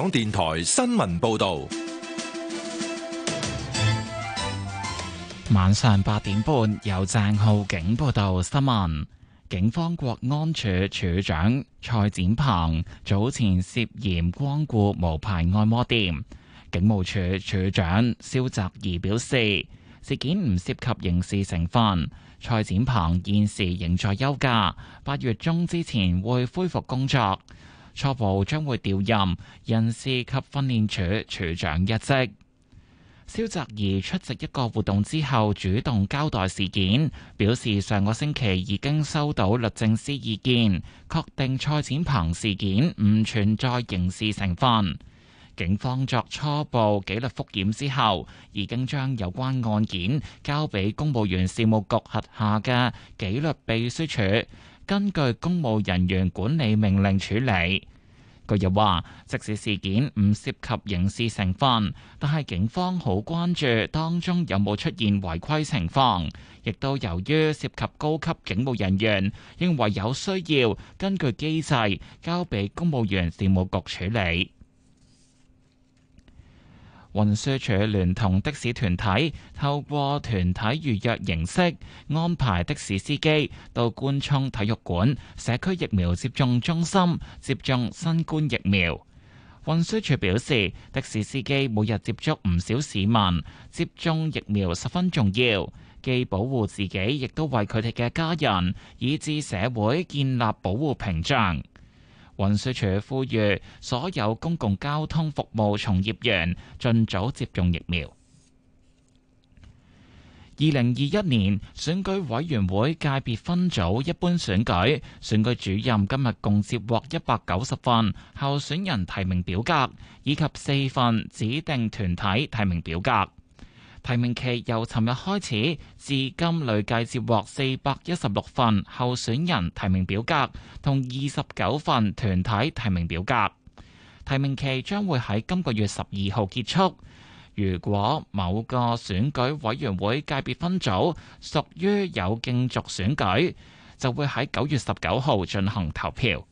港電台新聞報道，晚上八點半由鄭浩景報道新聞。警方國安處處長蔡展鵬早前涉嫌光顧無牌按摩店，警務處處長蕭澤怡表示，事件唔涉及刑事成分。蔡展鵬現時仍在休假，八月中之前會恢復工作。初步將會調任人事及訓練處處長一職。蕭澤怡出席一個活動之後，主動交代事件，表示上個星期已經收到律政司意見，確定蔡展鵬事件唔存在刑事成分。警方作初步紀律復檢之後，已經將有關案件交俾公務員事務局轄下嘅紀律秘書處。根據公務人員管理命令處理。佢又話：即使事件唔涉及刑事成分，但係警方好關注當中有冇出現違規情況，亦都由於涉及高級警務人員，認為有需要根據機制交俾公務員事務局處理。運輸署聯同的士團體，透過團體預約形式安排的士司機到官涌體育館社區疫苗接種中心接種新冠疫苗。運輸署表示，的士司機每日接觸唔少市民，接種疫苗十分重要，既保護自己，亦都為佢哋嘅家人以至社會建立保護屏障。運輸署呼籲所有公共交通服務從業員盡早接種疫苗。二零二一年選舉委員會界別分組一般選舉，選舉主任今日共接獲一百九十份候選人提名表格，以及四份指定團體提名表格。提名期由尋日開始，至今累計接獲四百一十六份候選人提名表格，同二十九份團體提名表格。提名期將會喺今個月十二號結束。如果某個選舉委員會界別分組屬於有競逐選舉，就會喺九月十九號進行投票。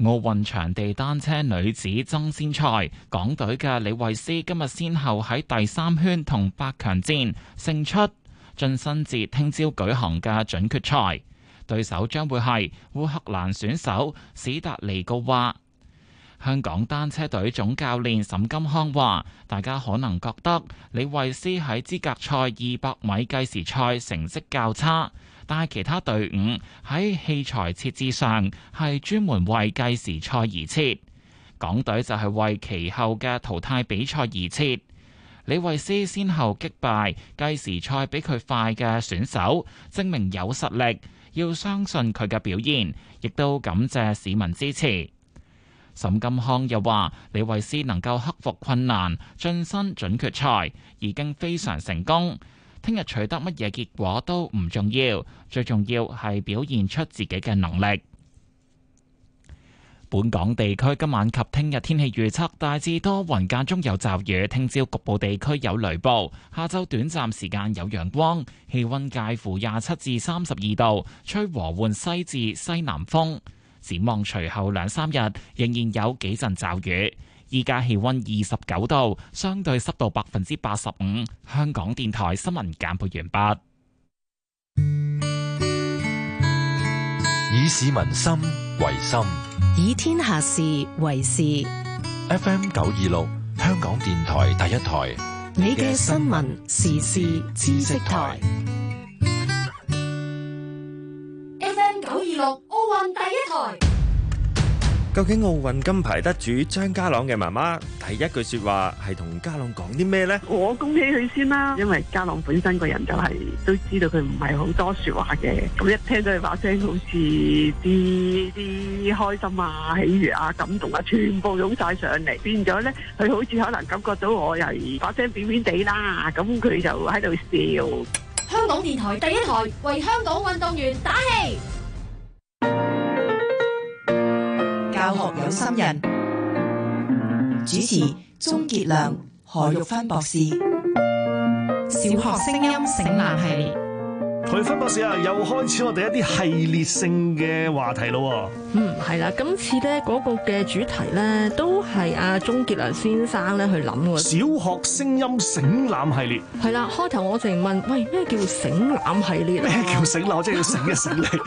奧運場地單車女子爭先賽，港隊嘅李慧詩今日先後喺第三圈同八強戰勝出，晉身至聽朝舉行嘅準決賽，對手將會係烏克蘭選手史達尼古娃。香港單車隊總教練沈金康話：大家可能覺得李慧詩喺資格賽二百米計時賽成績較差。但其他隊伍喺器材設置上係專門為計時賽而設，港隊就係為其後嘅淘汰比賽而設。李慧詩先後擊敗計時賽比佢快嘅選手，證明有實力，要相信佢嘅表現，亦都感謝市民支持。沈金康又話李慧詩能夠克服困難晉身準決賽已經非常成功。聽日取得乜嘢結果都唔重要，最重要係表現出自己嘅能力。本港地區今晚及聽日天氣預測大致多雲，間中有驟雨。聽朝局部地區有雷暴，下晝短暫時間有陽光，氣溫介乎廿七至三十二度，吹和緩西至西南風。展望隨後兩三日，仍然有幾陣驟雨。依家氣溫二十九度，相對濕度百分之八十五。香港電台新聞簡報完畢。以市民心為心，以天下事為事。F M 九二六，香港電台第一台。你嘅新聞時事知識台。F M 九二六，奧運第一台。究竟奧運金牌得主張家朗嘅媽媽第一句說話係同家朗講啲咩呢？我恭喜佢先啦，因為家朗本身個人就係都知道佢唔係好多說話嘅，咁一聽到佢把聲好似啲啲開心啊、喜悅啊、感動啊，全部湧晒上嚟，變咗呢，佢好似可能感覺到我又把聲扁扁地啦，咁佢就喺度笑。香港電台第一台為香港運動員打氣。新人主持：鍾杰良、何玉芬博士。小學聲音省覽系列。佢分博士啊，又開始我哋一啲系列性嘅話題咯。嗯，係啦，今次咧嗰個嘅主題咧都係阿鍾傑良先生咧去諗嘅。小學聲音醒覽系列係啦，開頭我淨問：喂，咩叫醒覽系列？咩叫醒覽？即係醒一醒嚟。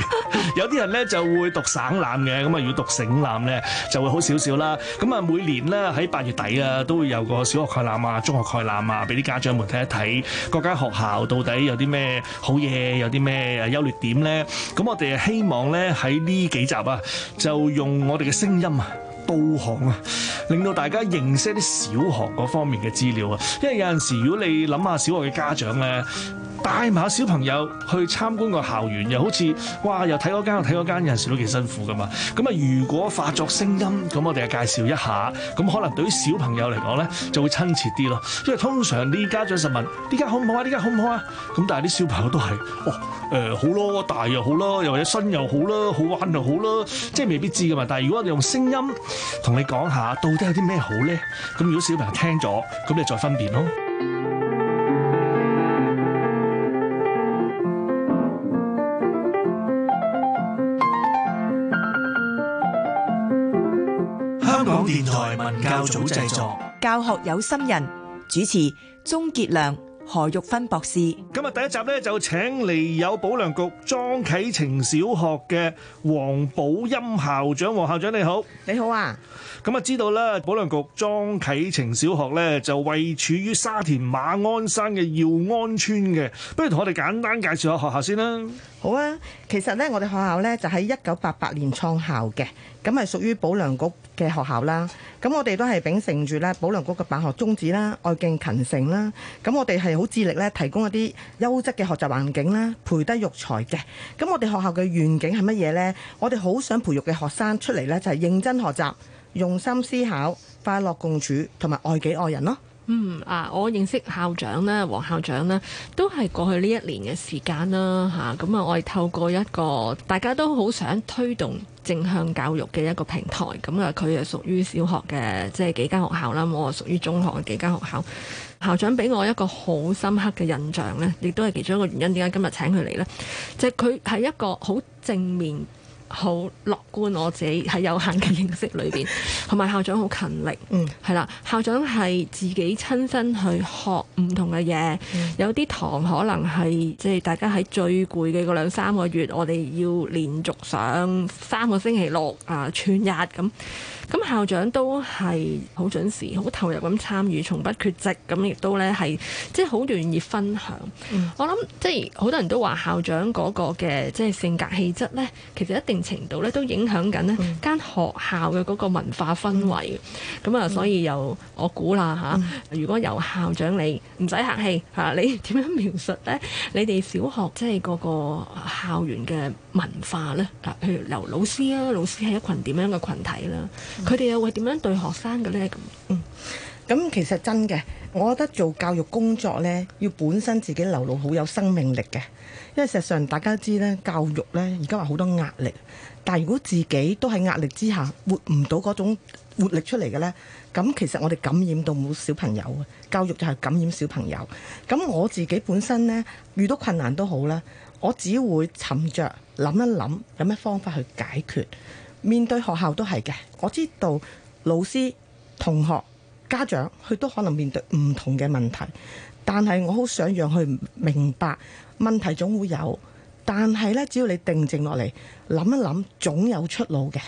有啲人咧就會讀省覽嘅，咁啊如果要讀醒覽咧就會好少少啦。咁啊每年咧喺八月底啊都會有個小學概覽啊、中學概覽啊，俾啲家長們睇一睇，各間學校到底有啲咩好嘢。有啲咩優劣點呢？咁我哋希望呢喺呢幾集啊，就用我哋嘅聲音啊，導航啊，令到大家認識啲小學嗰方面嘅資料啊。因為有陣時，如果你諗下小學嘅家長呢，帶埋小朋友去參觀個校園，又好似哇，又睇嗰間又睇嗰間，有陣時都幾辛苦噶嘛。咁啊，如果化作聲音，咁我哋介紹一下，咁可能對於小朋友嚟講咧，就會親切啲咯。因為通常啲家長就問：呢間好唔好啊？呢間好唔好啊？咁但係啲小朋友都係，哦，誒、呃，好咯，大又好咯，又或者新又好啦，好玩又好啦，即係未必知噶嘛。但係如果我哋用聲音同你講下，到底有啲咩好咧？咁如果小朋友聽咗，咁你再分辨咯。電台文教組製作，教學有心人，主持，鍾傑良、何玉芬博士。今日第一集，就請嚟有保良局、莊啟程小學嘅王寶音校長。王校長，你好，你好啊。咁啊，知道啦，保良局、莊啟程小學，位處於沙田馬鞍山嘅耀安邨。不如，同我哋簡單介紹一下學校先啦。好啊，其實呢，我哋學校呢，就喺一九八八年創校嘅，咁係屬於保良局嘅學校啦。咁我哋都係秉承住呢保良局嘅辦學宗旨啦，愛敬勤誠啦。咁我哋係好致力呢，提供一啲優質嘅學習環境啦，培德育才嘅。咁我哋學校嘅願景係乜嘢呢？我哋好想培育嘅學生出嚟呢，就係認真學習、用心思考、快樂共處同埋愛己愛人咯。嗯啊，我認識校長咧，王校長咧，都係過去呢一年嘅時間啦嚇。咁啊，我係透過一個大家都好想推動正向教育嘅一個平台，咁啊，佢係屬於小學嘅，即係幾間學校啦，我係屬於中學嘅幾間學校。校長俾我一個好深刻嘅印象呢，亦都係其中一個原因，點解今日請佢嚟呢？即係佢係一個好正面。好樂觀，我自己喺有限嘅認識裏邊，同 埋校長好勤力，嗯，係啦，校長係自己親身去學唔同嘅嘢，嗯、有啲堂可能係即係大家喺最攰嘅嗰兩三個月，我哋要連續上三個星期六啊，全日咁。咁校長都係好準時、好投入咁參與，從不缺席。咁亦都咧係即係好願意分享。嗯、我諗即係好多人都話校長嗰個嘅即係性格氣質咧，其實一定程度咧都影響緊呢間學校嘅嗰個文化氛圍。咁、嗯、啊，所以由、嗯、我估啦吓。如果由校長你唔使客氣吓，你點樣描述咧？你哋小學即係嗰個校園嘅文化咧？啊，譬如劉老師啊，老師係一群點樣嘅群體啦？佢哋又會點樣對學生嘅呢？咁嗯，咁其實真嘅，我覺得做教育工作呢，要本身自己流露好有生命力嘅，因為事實上大家都知呢教育呢而家話好多壓力，但如果自己都喺壓力之下活唔到嗰種活力出嚟嘅呢，咁其實我哋感染到冇小朋友啊，教育就係感染小朋友。咁我自己本身呢，遇到困難都好啦，我只會沉着諗一諗，有咩方法去解決。面對學校都係嘅，我知道老師、同學、家長，佢都可能面對唔同嘅問題。但係我好想讓佢明白，問題總會有，但係呢，只要你定靜落嚟，諗一諗，總有出路嘅。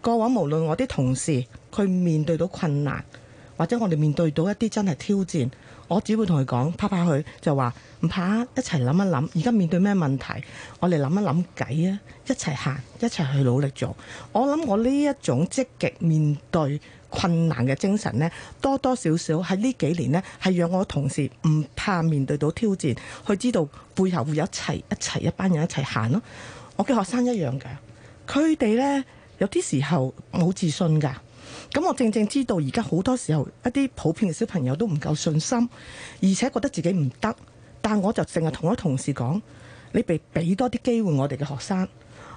過往無論我啲同事佢面對到困難，或者我哋面對到一啲真係挑戰。我只會同佢講，拍拍佢就話唔怕，一齊諗一諗。而家面對咩問題，我哋諗一諗計啊！一齊行，一齊去努力做。我諗我呢一種積極面對困難嘅精神呢，多多少少喺呢幾年呢，係讓我同事唔怕面對到挑戰，去知道背後會有一齊一齊一，一班人一齊行咯。我嘅學生一樣嘅，佢哋呢，有啲時候冇自信㗎。咁我正正知道而家好多時候一啲普遍嘅小朋友都唔夠信心，而且覺得自己唔得。但我就淨係同我同事講：你俾多啲機會我哋嘅學生，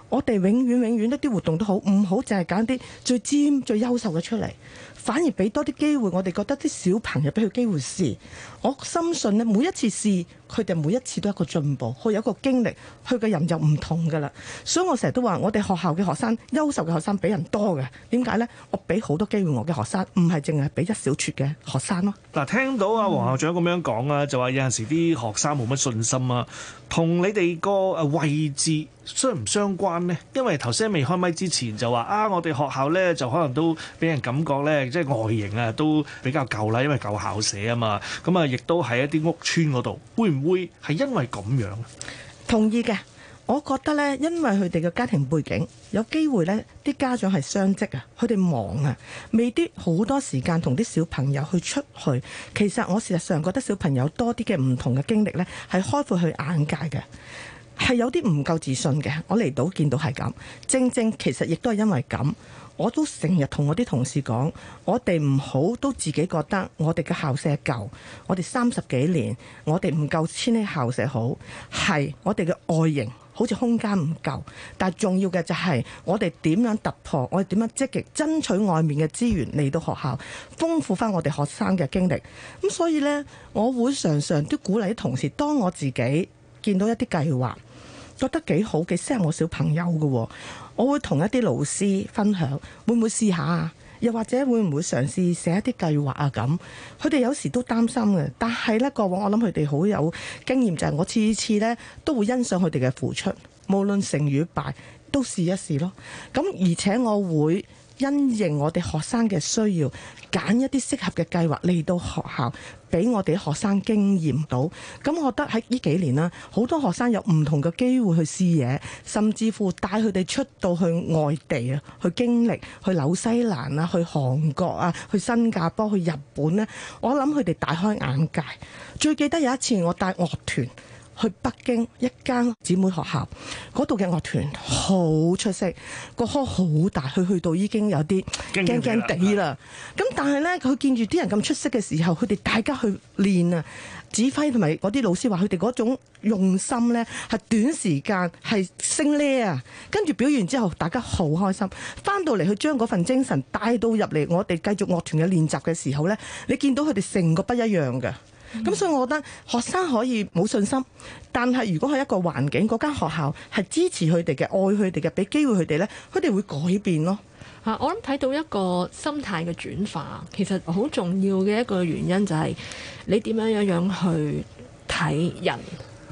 我哋永遠永遠一啲活動，都好唔好淨係揀啲最尖最優秀嘅出嚟，反而俾多啲機會我哋覺得啲小朋友，俾佢機會試。我深信每一次試。佢哋每一次都有一個進步，佢有個經歷，佢嘅人又唔同㗎啦。所以我成日都話，我哋學校嘅學生優秀嘅學生比人多嘅。點解呢？我俾好多機會我嘅學生，唔係淨係俾一小撮嘅學生咯。嗱，聽到阿王校長咁樣講啊、嗯，就話有陣時啲學生冇乜信心啊，同你哋個位置相唔相關呢？因為頭先未開麥之前就話啊，我哋學校呢，就可能都俾人感覺呢，即係外形啊都比較舊啦，因為舊校舍啊嘛。咁啊，亦都喺一啲屋邨嗰度。會係因為咁樣？同意嘅，我覺得呢，因為佢哋嘅家庭背景，有機會呢啲家長係雙職啊，佢哋忙啊，未必好多時間同啲小朋友去出去。其實我事實上覺得小朋友多啲嘅唔同嘅經歷呢，係開闊去眼界嘅，係有啲唔夠自信嘅。我嚟到見到係咁，正正其實亦都係因為咁。我都成日同我啲同事講，我哋唔好都自己覺得我哋嘅校舍舊，我哋三十幾年，我哋唔夠千禧校舍好，係我哋嘅外形好似空間唔夠，但重要嘅就係我哋點樣突破，我哋點樣積極爭取外面嘅資源嚟到學校，豐富翻我哋學生嘅經歷。咁所以呢，我會常常都鼓勵啲同事，當我自己見到一啲計劃。覺得幾好嘅，適合我小朋友嘅，哦，我會同一啲老師分享，會唔會試下？又或者會唔會嘗試寫一啲計劃啊？咁佢哋有時都擔心嘅，但係呢過往我諗佢哋好有經驗，就係、是、我次次呢都會欣賞佢哋嘅付出，無論成與敗，都試一試咯。咁而且我會。因應我哋學生嘅需要，揀一啲適合嘅計劃嚟到學校，俾我哋啲學生經驗到。咁我覺得喺呢幾年啦，好多學生有唔同嘅機會去試嘢，甚至乎帶佢哋出到去外地啊，去經歷，去紐西蘭啊，去韓國啊，去新加坡、去日本呢，我諗佢哋大開眼界。最記得有一次，我帶樂團。去北京一間姊妹學校，嗰度嘅樂團好出色，個腔好大。佢去到已經有啲驚驚地啦。咁、嗯、但係呢，佢見住啲人咁出色嘅時候，佢哋大家去練啊，指揮同埋嗰啲老師話佢哋嗰種用心呢係短時間係升呢啊。跟住表演完之後，大家好開心。翻到嚟去將嗰份精神帶到入嚟，我哋繼續樂團嘅練習嘅時候呢，你見到佢哋成個不一樣嘅。咁、嗯、所以，我覺得學生可以冇信心，但係如果係一個環境，嗰間學校係支持佢哋嘅，愛佢哋嘅，俾機會佢哋呢，佢哋會改變咯。嚇，我諗睇到一個心態嘅轉化，其實好重要嘅一個原因就係你點樣樣樣去睇人，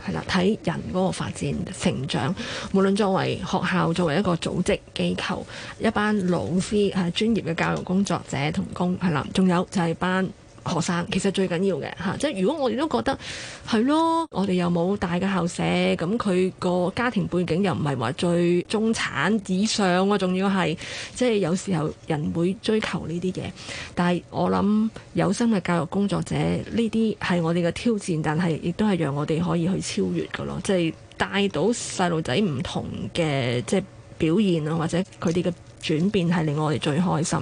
係啦，睇人嗰個發展成長。無論作為學校，作為一個組織機構，一班老師係專業嘅教育工作者同工，係啦，仲有就係班。學生其實最緊要嘅即如果我哋都覺得係咯，我哋又冇大嘅校舍，咁佢個家庭背景又唔係話最中產以上，我仲要係即係有時候人會追求呢啲嘢，但係我諗有心嘅教育工作者呢啲係我哋嘅挑戰，但係亦都係讓我哋可以去超越㗎咯，即係帶到細路仔唔同嘅即係表現啊，或者佢哋嘅轉變係令我哋最開心。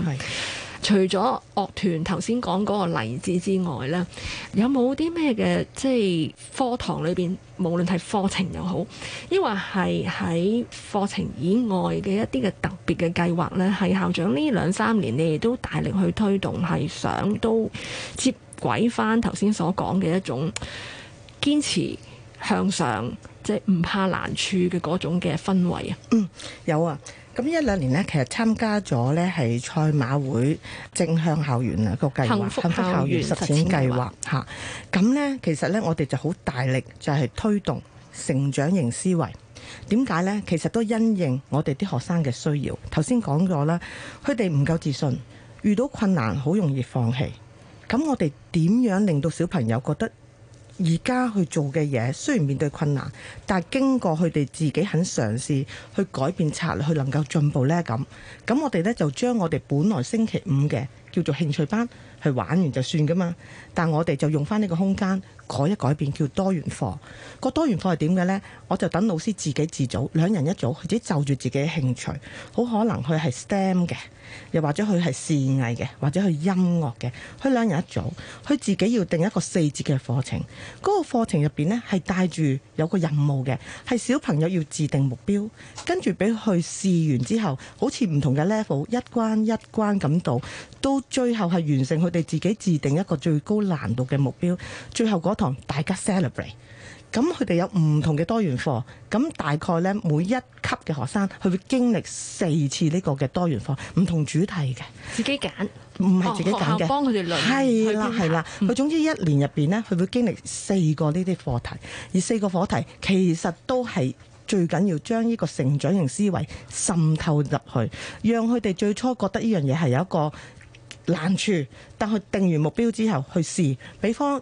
除咗樂團頭先講嗰個例子之外呢，有冇啲咩嘅，即係課堂裏邊，無論係課程又好，抑或係喺課程以外嘅一啲嘅特別嘅計劃呢，係校長呢兩三年你哋都大力去推動，係想都接軌翻頭先所講嘅一種堅持向上，即係唔怕難處嘅嗰種嘅氛圍啊？嗯，有啊。咁一兩年呢，其實參加咗呢係賽馬會正向校園啊個計劃，幸福校園實踐計劃。咁呢，其實呢，我哋就好大力就係推動成長型思維。點解呢？其實都因應我哋啲學生嘅需要。頭先講咗啦，佢哋唔夠自信，遇到困難好容易放棄。咁我哋點樣令到小朋友覺得？而家去做嘅嘢，雖然面對困難，但係經過佢哋自己肯嘗試去改變策略，去能夠進步咧咁。咁我哋咧就將我哋本來星期五嘅叫做興趣班去玩完就算噶嘛，但我哋就用翻呢個空間。改一改變，叫多元課。個多元課係點嘅咧？我就等老師自己自組兩人一組，佢自己就住自己嘅興趣，好可能佢係 STEM 嘅，又或者佢係視藝嘅，或者佢音樂嘅，佢兩人一組，佢自己要定一個四節嘅課程，個課程入邊咧係帶住有個任務嘅，係小朋友要自定目標，跟住俾佢試完之後好似唔同嘅 level 一關一關咁到到最後係完成佢哋自己自定一個最高難度嘅目標，最後嗰，大家 celebrate 咁，佢哋有唔同嘅多元課。咁大概呢，每一級嘅學生佢會經歷四次呢個嘅多元課，唔同主題嘅，自己揀，唔係自己揀嘅，幫佢哋係啦係啦。佢、嗯、總之一年入邊呢，佢會經歷四個呢啲課題，而四個課題其實都係最緊要將呢個成長型思維滲透入去，讓佢哋最初覺得呢樣嘢係有一個難處，但佢定完目標之後去試，比方。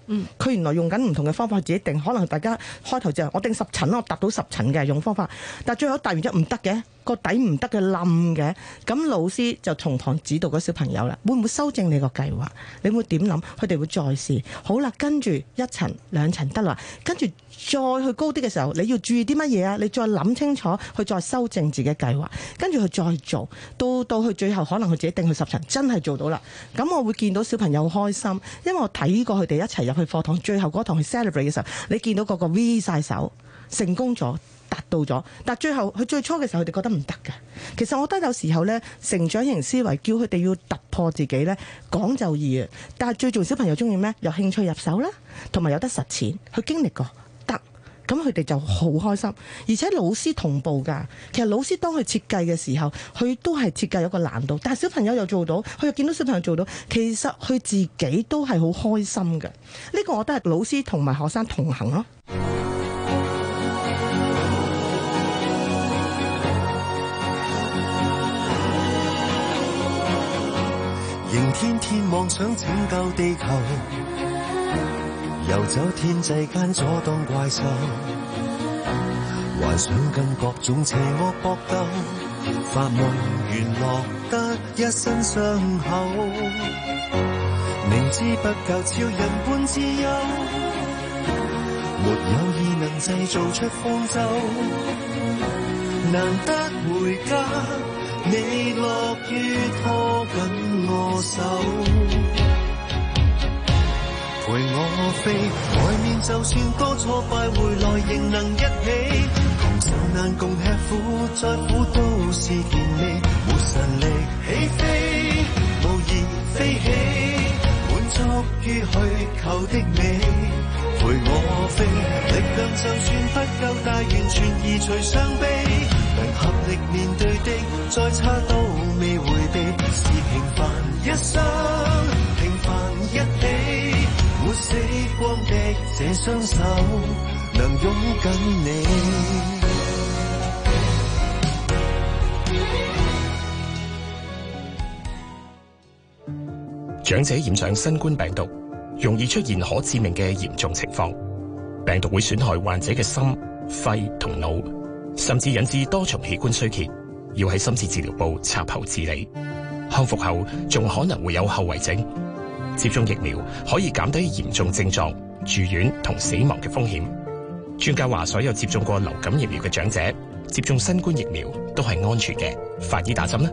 佢、嗯、原來用緊唔同嘅方法去自己定，可能大家開頭就我定十層咯，達到十層嘅用方法，但最後達完一唔得嘅，個底唔得嘅冧嘅，咁老師就從旁指導嗰小朋友啦，會唔會修正你個計劃？你會點諗？佢哋會再試，好啦，跟住一層兩層得啦，跟住再去高啲嘅時候，你要注意啲乜嘢啊？你再諗清楚，去再修正自己計劃，跟住佢再做，到到去最後可能佢自己定去十層，真係做到啦。咁我會見到小朋友開心，因為我睇過佢哋一齊入。去課堂最後嗰堂去 celebrate 嘅時候，你見到個個 V 晒手，成功咗，達到咗。但最後佢最初嘅時候，佢哋覺得唔得嘅。其實我覺得有時候呢，成長型思維叫佢哋要突破自己呢，講就易。但係最重要嘅小朋友中意咩？由興趣入手啦，同埋有得實踐，去經歷過。咁佢哋就好開心，而且老師同步噶。其實老師當佢設計嘅時候，佢都係設計有個難度，但係小朋友又做到，佢又見到小朋友做到，其實佢自己都係好開心嘅。呢個我都係老師同埋學生同行咯。仍天天妄想拯救地球。遊走天際間，阻擋怪獸，幻想跟各種邪惡搏鬥，發夢完落得一身傷口。明知不夠超人般自由，沒有異能製造出方舟，難得回家，你樂意拖緊我手。陪我飛，外面就算多挫敗，回來仍能一起。同手難共吃苦，再苦都是建力。沒神力起飛，無意飛起，滿足於虛求的美。陪我飛，力量就算不夠大，完全移除傷悲。能合力面對的，再差都未回避，是平凡一生。激光的這雙手能擁緊你。長者染上新冠病毒，容易出現可致命嘅嚴重情況。病毒會損害患者嘅心、肺同腦，甚至引致多重器官衰竭，要喺深切治療部插喉治理。康復後仲可能會有後遺症。接種疫苗可以減低嚴重症狀、住院同死亡嘅風險。專家話，所有接種過流感疫苗嘅長者接種新冠疫苗都係安全嘅。快啲打針啦！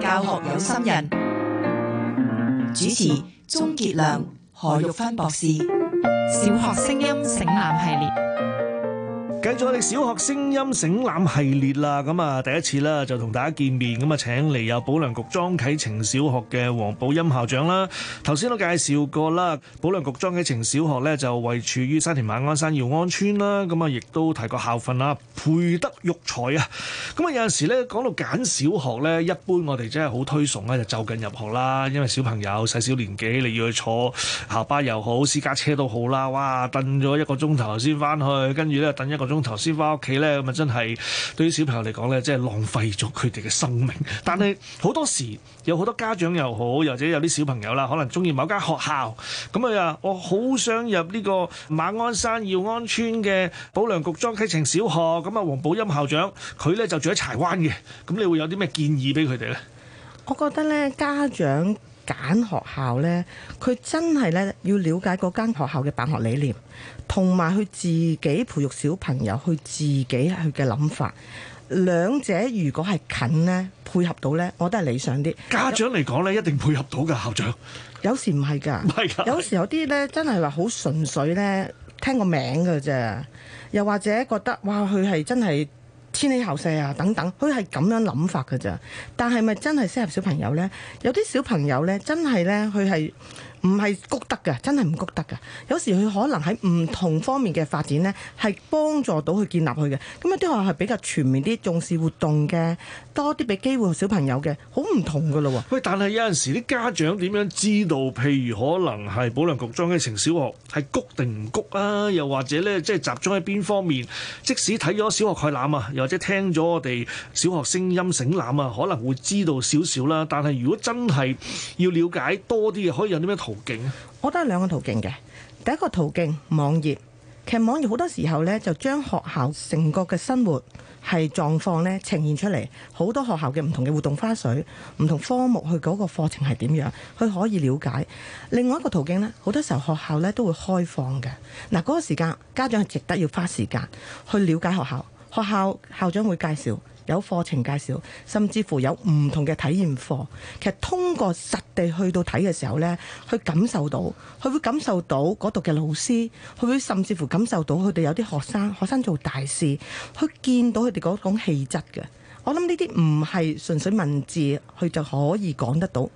教學有心人，主持鍾杰良、何玉芬博士，小學聲音省覽系列。.繼續我哋小學聲音省覽系列啦，咁啊第一次啦，就同大家見面，咁啊請嚟有保良局莊啟程小學嘅王寶音校長啦。頭先都介紹過啦，保良局莊啟程小學咧就位處於沙田馬鞍山耀安邨啦，咁啊亦都提過校訓啦，培德育才啊。咁啊有陣時咧講到揀小學咧，一般我哋真係好推崇咧就就近入學啦，因為小朋友細小，小年紀，你要去坐校巴又好，私家車都好啦，哇，等咗一個鐘頭先翻去，跟住咧等一個。鐘頭先翻屋企咧，咁啊真係對於小朋友嚟講咧，即係浪費咗佢哋嘅生命。但係好多時有好多家長又好，或者有啲小朋友啦，可能中意某間學校咁啊，我好想入呢個馬鞍山耀安村嘅保良局莊啟程小學。咁啊，王寶音校長佢咧就住喺柴灣嘅。咁你會有啲咩建議俾佢哋咧？我覺得咧，家長揀學校咧，佢真係咧要了解嗰間學校嘅辦學理念。同埋佢自己培育小朋友，佢自己去嘅諗法，兩者如果係近呢，配合到呢，我都係理想啲。家長嚟講呢，一定配合到噶。校長有時唔係㗎，有時有啲呢，真係話好純粹呢，聽個名㗎啫。又或者覺得哇，佢係真係千里後世啊等等，佢係咁樣諗法㗎啫。但係咪真係適合小朋友呢？有啲小朋友呢，真係呢，佢係。唔係谷得嘅，真係唔谷得嘅。有時佢可能喺唔同方面嘅發展咧，係幫助到佢建立佢嘅。咁有啲學校係比較全面啲，重視活動嘅，多啲俾機會小朋友嘅，好唔同噶咯。喂，但係有陣時啲家長點樣知道？譬如可能係保良局莊啟程小學係谷定唔谷啊？又或者咧，即係集中喺邊方面？即使睇咗小學概覽啊，又或者聽咗我哋小學聲音醒覽啊，可能會知道少少啦。但係如果真係要了解多啲嘅，可以有啲咩？。途徑，我覺得兩個途徑嘅。第一個途徑，網頁，其實網頁好多時候呢，就將學校成個嘅生活係狀況呢呈現出嚟，好多學校嘅唔同嘅活動花絮，唔同科目去嗰個課程係點樣，佢可以了解。另外一個途徑呢，好多時候學校呢都會開放嘅，嗱，嗰個時間，家長係值得要花時間去了解學校，學校校長會介紹。有課程介紹，甚至乎有唔同嘅體驗課。其實通過實地去到睇嘅時候呢，去感受到，佢會感受到嗰度嘅老師，佢會甚至乎感受到佢哋有啲學生，學生做大事，去見到佢哋嗰種氣質嘅。我諗呢啲唔係純粹文字，佢就可以講得到。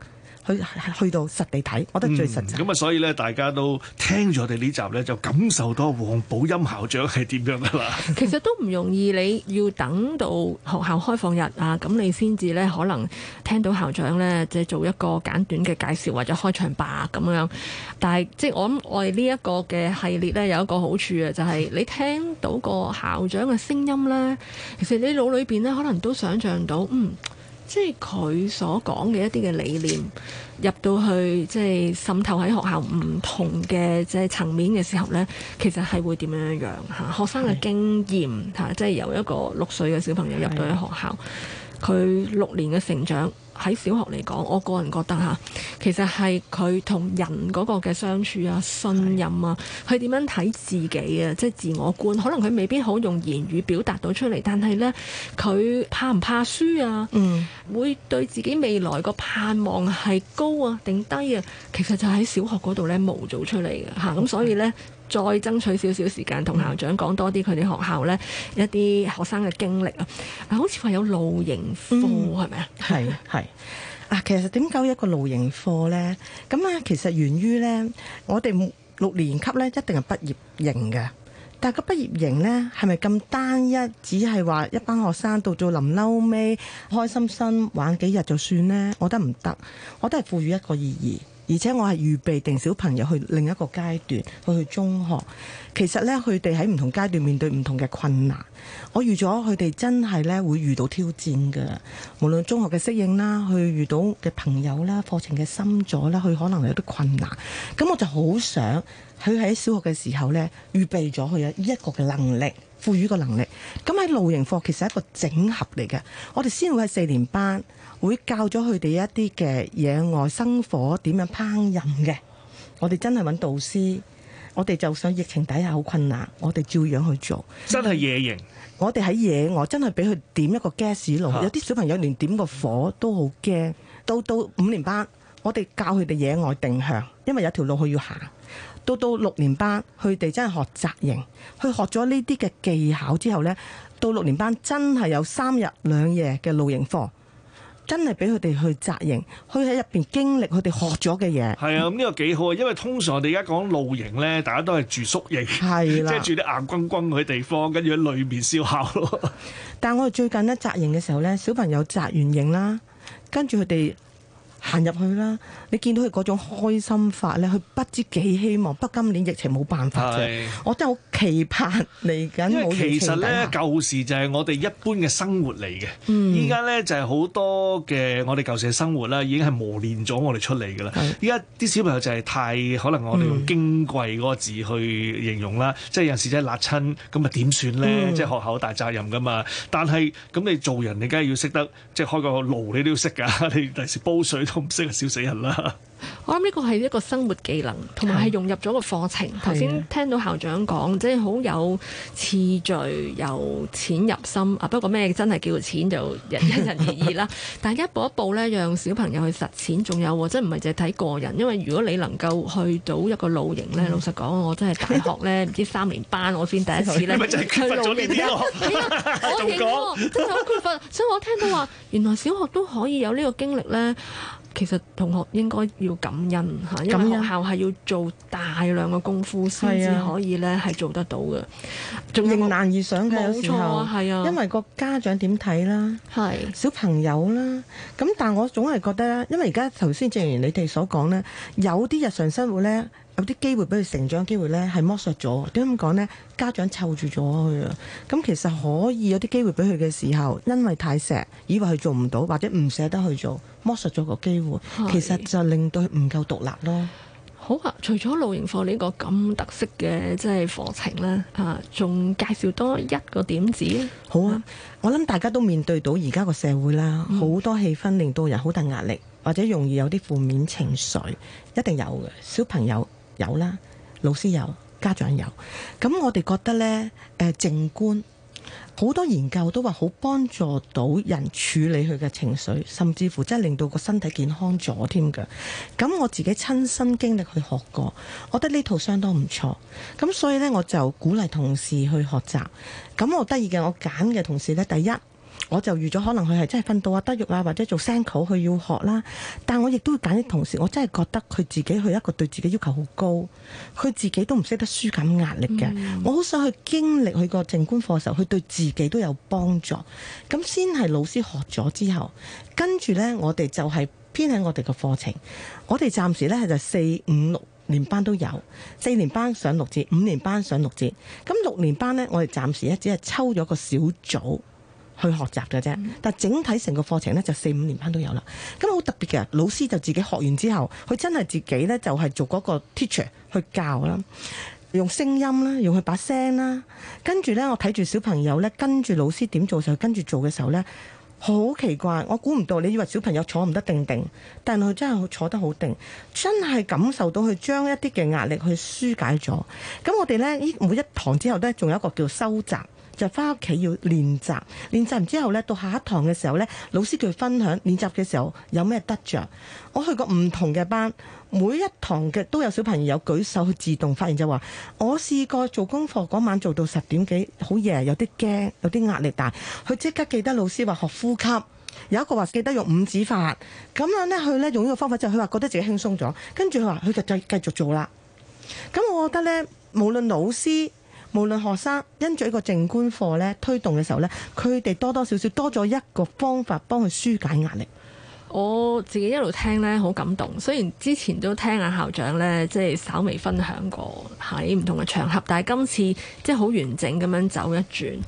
去去到實地睇，我覺得最實際。咁、嗯、啊，所以咧，大家都聽咗我哋呢集咧，就感受到王寶音校長係點樣噶啦。其實都唔容易，你要等到學校開放日啊，咁你先至咧可能聽到校長咧，即係做一個簡短嘅介紹或者開場白咁樣。但係即係我諗，我哋呢一個嘅系列咧有一個好處啊，就係、是、你聽到個校長嘅聲音咧，其實你腦裏邊咧可能都想像到嗯。即係佢所講嘅一啲嘅理念入到去，即係滲透喺學校唔同嘅即係層面嘅時候呢，其實係會點樣樣嚇學生嘅經驗嚇，是即係由一個六歲嘅小朋友入到去學校，佢六年嘅成長。喺小學嚟講，我個人覺得嚇，其實係佢同人嗰個嘅相處啊、信任啊，佢點樣睇自己啊，即係自我觀，可能佢未必好用言語表達到出嚟，但係呢，佢怕唔怕輸啊？嗯，會對自己未來個盼望係高啊定低啊？其實就喺小學嗰度呢，模做出嚟嘅嚇，咁所以呢。嗯。再爭取少少時間，同校長講多啲佢哋學校呢一啲學生嘅經歷啊！好似話有露營課係咪啊？係、嗯、係啊，其實點解一個露營課呢？咁啊，其實源於呢，我哋六年級呢一定係畢業型營嘅。但係個畢業營呢，係咪咁單一？只係話一班學生到到臨嬲尾，開心心玩幾日就算呢？我得唔得？我都係賦予一個意義。而且我係預備定小朋友去另一個階段，去中學。其實呢，佢哋喺唔同階段面對唔同嘅困難。我預咗佢哋真係呢會遇到挑戰㗎，無論中學嘅適應啦，佢遇到嘅朋友啦，課程嘅深咗啦，佢可能有啲困難。咁我就好想佢喺小學嘅時候呢，預備咗佢有一個嘅能力，賦予個能力。咁喺露營課其實係一個整合嚟嘅，我哋先會喺四年班。會教咗佢哋一啲嘅野外生火，點樣烹飪嘅。我哋真係揾導師，我哋就想疫情底下好困難，我哋照樣去做真係野營。我哋喺野外真係俾佢點一個 gas 爐，有啲小朋友連點個火都好驚。到到五年班，我哋教佢哋野外定向，因為有一條路佢要行。到到六年班，佢哋真係學習營。佢學咗呢啲嘅技巧之後呢，到六年班真係有三日兩夜嘅露營課。真係俾佢哋去紮營，去喺入邊經歷佢哋學咗嘅嘢。係啊，咁，嗯，呢個幾好啊，因為通常我哋而家講露營咧，大家都係住宿營，係啦，即係住啲硬轟轟嘅地方，跟住喺裏面燒烤咯。 但係我哋最近咧紮營嘅時候咧，小朋友紮完營啦，跟住佢哋。行入去啦，你見到佢嗰種開心法咧，佢不知幾希望。不過今年疫情冇辦法啫，我真係好期盼嚟緊。其實咧，舊時就係我哋一般嘅生活嚟嘅。依家咧就係好多嘅我哋舊時嘅生活啦，已經係磨練咗我哋出嚟㗎啦。依家啲小朋友就係太可能，我哋用矜貴嗰個字去形容啦、嗯，即係有陣時真係辣親咁啊點算咧？即係學校大責任㗎嘛。但係咁你做人你梗係要識得，即係開個爐你都要識㗎。你第時煲水，我唔識啊，笑死人啦！我諗呢個係一個生活技能，同埋係融入咗個課程。頭先聽到校長講，即係好有次序，由淺入深。啊。不過咩真係叫淺就因人而異啦。 但係一步一步咧，讓小朋友去實踐。仲有即係唔係淨係睇個人，因為如果你能夠去到一個露營咧、嗯，老實講，我真係大學咧唔知三年班我先第一次咧去露營。我講真係好缺乏， 還說 所以我聽到話原來小學都可以有呢個經歷咧。其實同學應該要感恩嚇，因為學校係要做大量嘅功夫先至可以咧係、啊、做得到嘅，仲迎難而上冇錯啊，係啊，因啊，因為個家長點睇啦，小朋友啦，咁但我總係覺得咧，因為而家頭先正如你哋所講咧，有啲日常生活咧。有啲機會俾佢成長嘅機會呢，係剝削咗，點解咁講呢？家長湊住咗佢啊，咁其實可以有啲機會俾佢嘅時候，因為太錫，以為佢做唔到或者唔捨得去做，剝削咗個機會，其實就令到佢唔夠獨立咯。好啊，除咗露營課呢個咁特色嘅即係課程啦，啊，仲介紹多一個點子。好啊，啊我諗大家都面對到而家個社會啦，嗯、好多氣氛令到人好大壓力，或者容易有啲負面情緒，一定有嘅小朋友。有啦，老師有，家長有。咁我哋覺得呢，誒靜觀好多研究都話好幫助到人處理佢嘅情緒，甚至乎即係令到個身體健康咗添嘅。咁我自己親身經歷去學過，我覺得呢套相當唔錯。咁所以呢，我就鼓勵同事去學習。咁我得意嘅，我揀嘅同事呢，第一。我就預咗可能佢係真係訓到阿德育啊，或者做聲口，佢要學啦。但我亦都會揀啲同事，我真係覺得佢自己去一個對自己要求好高，佢自己都唔識得舒減壓力嘅、嗯。我好想去經歷佢個靜觀課嘅時候，佢對自己都有幫助。咁先係老師學咗之後，跟住呢，我哋就係編喺我哋嘅課程。我哋暫時呢係就是、四五六年班都有，四年班上六節，五年班上六節。咁六,六,六年班呢，我哋暫時呢只係抽咗個小組。去學習嘅啫，但整體成個課程呢，就四五年班都有啦。咁好特別嘅，老師就自己學完之後，佢真係自己呢，就係、是、做嗰個 teacher 去教啦，用聲音啦，用佢把聲啦，跟住呢，我睇住小朋友呢，跟住老師點做就跟住做嘅時候呢，好奇怪，我估唔到，你以為小朋友坐唔得定定，但係佢真係坐得好定，真係感受到佢將一啲嘅壓力去疏解咗。咁我哋呢，每一堂之後呢，仲有一個叫收集。就翻屋企要練習，練習完之後呢，到下一堂嘅時候呢，老師叫佢分享練習嘅時候有咩得着。我去過唔同嘅班，每一堂嘅都有小朋友有舉手佢自動發，發現就話我試過做功課嗰晚做到十點幾，好夜，有啲驚，有啲壓力大。佢即刻記得老師話學呼吸，有一個話記得用五指法，咁樣呢，佢呢用呢個方法就係，佢話覺得自己輕鬆咗，跟住佢話佢就繼繼續做啦。咁我覺得呢，無論老師。無論學生因住一個靜觀課咧，推動嘅時候咧，佢哋多多少少多咗一個方法幫佢舒解壓力。我自己一路聽咧，好感動，雖然之前都聽阿校長咧即係稍微分享過喺唔同嘅場合，但係今次即係好完整咁樣走一轉，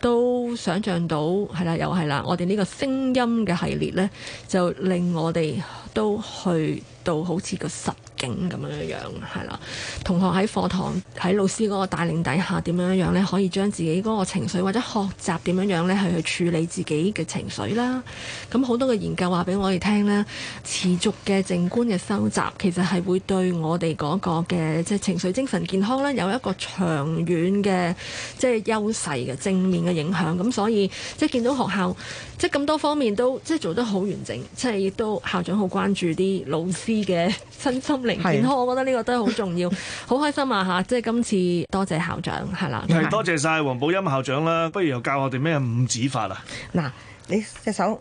都想像到係啦，又係啦，我哋呢個聲音嘅系列咧就令我哋都去到好似個實景咁樣樣，係啦。同學喺課堂喺老師嗰個帶領底下，點樣樣咧，可以將自己嗰個情緒或者學習點樣樣咧，係去處理自己嘅情緒啦。咁好多嘅研究話俾我哋聽咧，持續嘅靜觀嘅收集，其實係會對我哋嗰個嘅即係情緒精神健康咧，有一個長遠嘅即係優勢嘅正面嘅影響。咁所以即係、就是、見到學校即係咁多方面都即係、就是、做得好完整，即係亦都校長好關注啲老師嘅身心。健康，我覺得呢個都係好重要，好開心啊吓！即係今次多謝校長，係啦，係多謝晒王寶音校長啦。不如又教我哋咩五指法啊？嗱，你隻手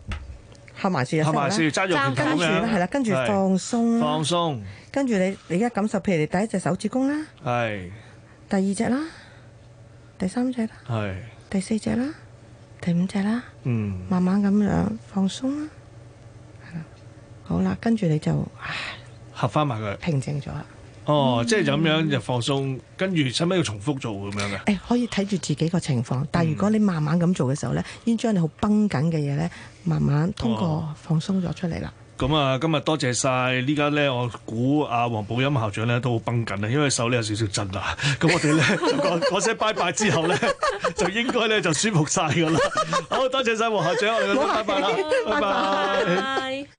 合埋住，合埋住，揸住五咁樣，係啦，跟住放鬆，放鬆，跟住你，你而家感受，譬如你第一隻手指公啦，係，第二隻啦，第三隻啦，係，第四隻啦，第五隻啦，嗯，慢慢咁樣放鬆啦，好啦，跟住你就。合翻埋佢，平靜咗哦，即係咁樣就放鬆，跟住使乜使要重複做咁樣嘅、欸？可以睇住自己個情況，但如果你慢慢咁做嘅時候咧、嗯，已經將你好崩緊嘅嘢咧，慢慢通過、哦、放鬆咗出嚟啦。咁啊，今日多謝晒。呢家咧，我估阿王寶音校長咧都好崩緊啊，因為手呢有少少震啊。咁我哋咧就講聲拜拜之後咧， 就應該咧就舒服晒噶啦。 好多謝晒王校長， 我哋拜拜啦，拜拜。